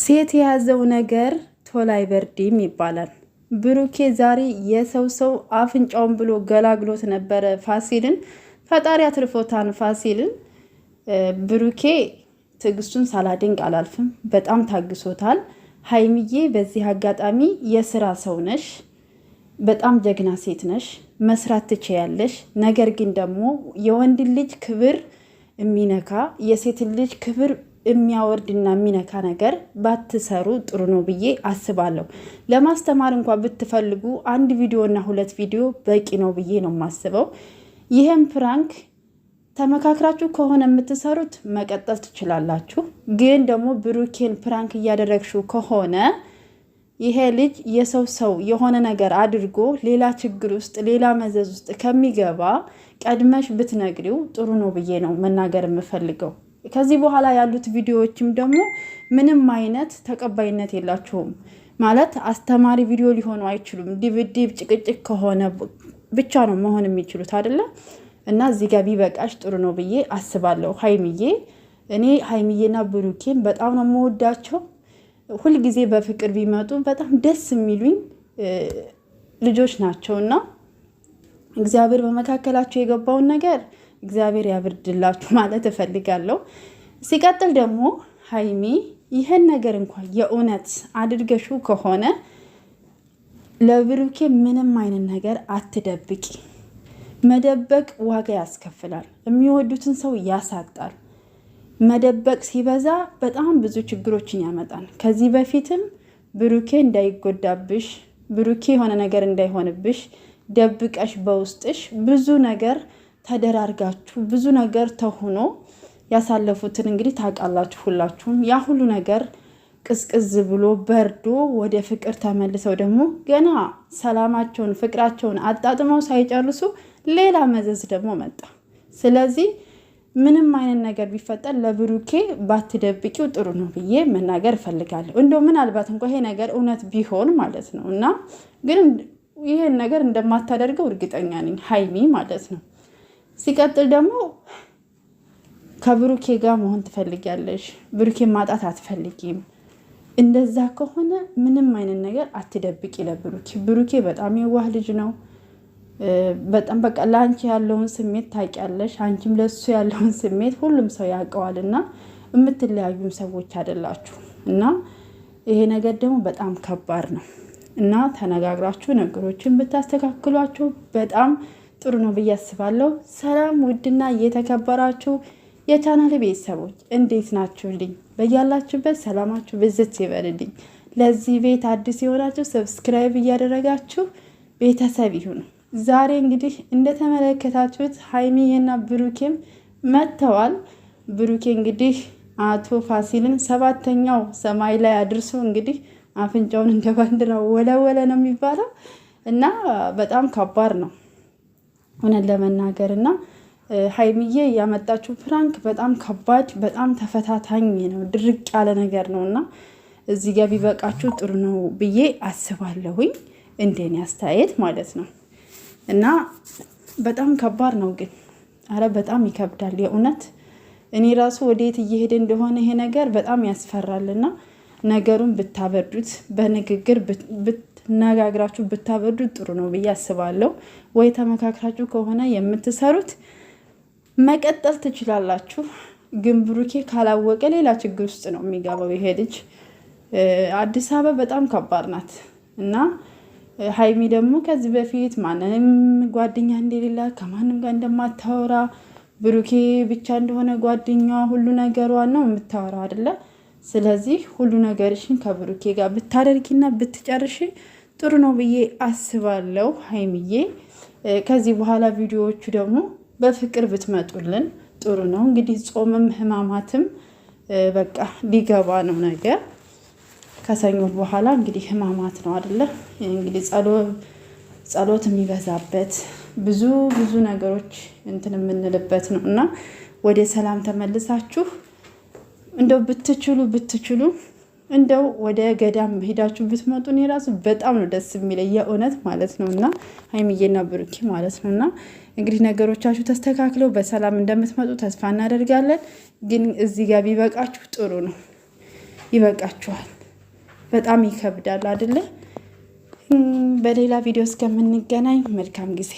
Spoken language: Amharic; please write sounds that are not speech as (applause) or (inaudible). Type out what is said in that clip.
ሴት የያዘው ነገር ቶሎ አይበርድም ይባላል። ብሩኬ ዛሬ የሰው ሰው አፍንጫውን ብሎ ገላግሎት ነበረ ፋሲልን። ፈጣሪ አትርፎታን ፋሲልን። ብሩኬ ትዕግስቱን ሳላደንቅ አላልፍም። በጣም ታግሶታል። ሀይምዬ በዚህ አጋጣሚ የስራ ሰው ነሽ፣ በጣም ጀግና ሴት ነሽ፣ መስራት ትችያለሽ። ነገር ግን ደግሞ የወንድን ልጅ ክብር የሚነካ የሴት ልጅ ክብር የሚያወርድና የሚነካ ነገር ባትሰሩ ጥሩ ነው ብዬ አስባለሁ። ለማስተማር እንኳ ብትፈልጉ አንድ ቪዲዮ እና ሁለት ቪዲዮ በቂ ነው ብዬ ነው የማስበው። ይህም ፕራንክ ተመካክራችሁ ከሆነ የምትሰሩት መቀጠል ትችላላችሁ። ግን ደግሞ ብሩኬን ፕራንክ እያደረግሽው ከሆነ ይሄ ልጅ የሰው ሰው የሆነ ነገር አድርጎ ሌላ ችግር ውስጥ ሌላ መዘዝ ውስጥ ከሚገባ ቀድመሽ ብትነግሪው ጥሩ ነው ብዬ ነው መናገር የምፈልገው። ከዚህ በኋላ ያሉት ቪዲዮዎችም ደግሞ ምንም አይነት ተቀባይነት የላቸውም። ማለት አስተማሪ ቪዲዮ ሊሆኑ አይችሉም። ድብድብ፣ ጭቅጭቅ ከሆነ ብቻ ነው መሆን የሚችሉት አይደለ? እና እዚህ ጋር ቢበቃሽ ጥሩ ነው ብዬ አስባለሁ። ሀይምዬ እኔ ሀይምዬና ብሩኬን በጣም ነው የምወዳቸው። ሁልጊዜ በፍቅር ቢመጡ በጣም ደስ የሚሉኝ ልጆች ናቸው እና እግዚአብሔር በመካከላቸው የገባውን ነገር እግዚአብሔር ያብርድላችሁ (laughs) ማለት እፈልጋለሁ። ሲቀጥል ደግሞ ሀይሚ ይህን ነገር እንኳን የእውነት አድርገሹ ከሆነ ለብሩኬ ምንም አይነት ነገር አትደብቂ። መደበቅ ዋጋ ያስከፍላል፣ የሚወዱትን ሰው ያሳጣል። መደበቅ ሲበዛ በጣም ብዙ ችግሮችን ያመጣል። ከዚህ በፊትም ብሩኬ እንዳይጎዳብሽ፣ ብሩኬ የሆነ ነገር እንዳይሆንብሽ ደብቀሽ በውስጥሽ ብዙ ነገር ተደራርጋችሁ ብዙ ነገር ተሆኖ ያሳለፉትን እንግዲህ ታውቃላችሁ ሁላችሁም። ያ ሁሉ ነገር ቅዝቅዝ ብሎ በርዶ ወደ ፍቅር ተመልሰው ደግሞ ገና ሰላማቸውን ፍቅራቸውን አጣጥመው ሳይጨርሱ ሌላ መዘዝ ደግሞ መጣ። ስለዚህ ምንም አይነት ነገር ቢፈጠር ለብሩኬ ባትደብቂው ጥሩ ነው ብዬ መናገር እፈልጋለሁ። እንደው ምናልባት እንኳ ይሄ ነገር እውነት ቢሆን ማለት ነው እና ግን ይህን ነገር እንደማታደርገው እርግጠኛ ነኝ ሀይሚ ማለት ነው። ሲቀጥል ደግሞ ከብሩኬ ጋር መሆን ትፈልጊያለሽ፣ ብሩኬ ማጣት አትፈልጊም። እንደዛ ከሆነ ምንም አይነት ነገር አትደብቂ ለብሩኬ። ብሩኬ በጣም የዋህ ልጅ ነው። በጣም በቃ ለአንቺ ያለውን ስሜት ታውቂያለሽ፣ አንቺም ለሱ ያለውን ስሜት ሁሉም ሰው ያውቀዋል። እና የምትለያዩም ሰዎች አይደላችሁ እና ይሄ ነገር ደግሞ በጣም ከባድ ነው እና ተነጋግራችሁ ነገሮችን ብታስተካክሏቸው በጣም ጥሩ ነው ብዬ አስባለሁ። ሰላም ውድና እየተከበራችሁ የቻናል ቤተሰቦች እንዴት ናችሁልኝ? በያላችሁበት ሰላማችሁ ብዝት ይበልልኝ። ለዚህ ቤት አዲስ የሆናችሁ ሰብስክራይብ እያደረጋችሁ ቤተሰብ ይሁኑ። ዛሬ እንግዲህ እንደተመለከታችሁት ሀይሚዬና ብሩኬም መጥተዋል። ብሩኬ እንግዲህ አቶ ፋሲልን ሰባተኛው ሰማይ ላይ አድርሶ እንግዲህ አፍንጫውን እንደ ባንዲራ ወለወለ ነው የሚባለው እና በጣም ከባድ ነው እውነት ለመናገር እና ሀይሚዬ ያመጣችው ፕራንክ በጣም ከባድ፣ በጣም ተፈታታኝ ነው። ድርቅ ያለ ነገር ነው እና እዚህ ጋር ቢበቃችሁ ጥሩ ነው ብዬ አስባለሁኝ፣ እንደኔ አስተያየት ማለት ነው። እና በጣም ከባድ ነው ግን አረ በጣም ይከብዳል የእውነት እኔ ራሱ ወደየት እየሄደ እንደሆነ ይሄ ነገር በጣም ያስፈራልና ነገሩን ብታበርዱት በንግግር ተነጋግራችሁ ብታበዱ ጥሩ ነው ብዬ አስባለሁ። ወይ ተመካክራችሁ ከሆነ የምትሰሩት መቀጠል ትችላላችሁ። ግን ብሩኬ ካላወቀ ሌላ ችግር ውስጥ ነው የሚገባው ይሄ ልጅ። አዲስ አበባ በጣም ከባድ ናት እና ሀይሚ ደግሞ ከዚህ በፊት ማንም ጓደኛ እንደሌላ ከማንም ጋር እንደማታወራ ብሩኬ ብቻ እንደሆነ ጓደኛዋ ሁሉ ነገሯ ነው የምታወራው አይደለም? ስለዚህ ሁሉ ነገርሽን ከብሩኬ ጋር ብታደርጊና ብትጨርሽ ጥሩ ነው ብዬ አስባለሁ ሀይምዬ ከዚህ በኋላ ቪዲዮዎቹ ደግሞ በፍቅር ብትመጡልን ጥሩ ነው። እንግዲህ ጾምም ህማማትም በቃ ሊገባ ነው ነገር ከሰኞ በኋላ እንግዲህ ህማማት ነው አደለ? እንግዲህ ጸሎት የሚበዛበት ብዙ ብዙ ነገሮች እንትን የምንልበት ነው እና ወደ ሰላም ተመልሳችሁ እንደው ብትችሉ ብትችሉ እንደው ወደ ገዳም ሄዳችሁ ብትመጡ እኔ ራሱ በጣም ነው ደስ የሚለ የእውነት ማለት ነው። እና ሀይሚዬና ብሩኬ ማለት ነው። እና እንግዲህ ነገሮቻችሁ ተስተካክለው በሰላም እንደምትመጡ ተስፋ እናደርጋለን። ግን እዚህ ጋር ቢበቃችሁ ጥሩ ነው። ይበቃችኋል። በጣም ይከብዳል አደለ? በሌላ ቪዲዮ እስከምንገናኝ መልካም ጊዜ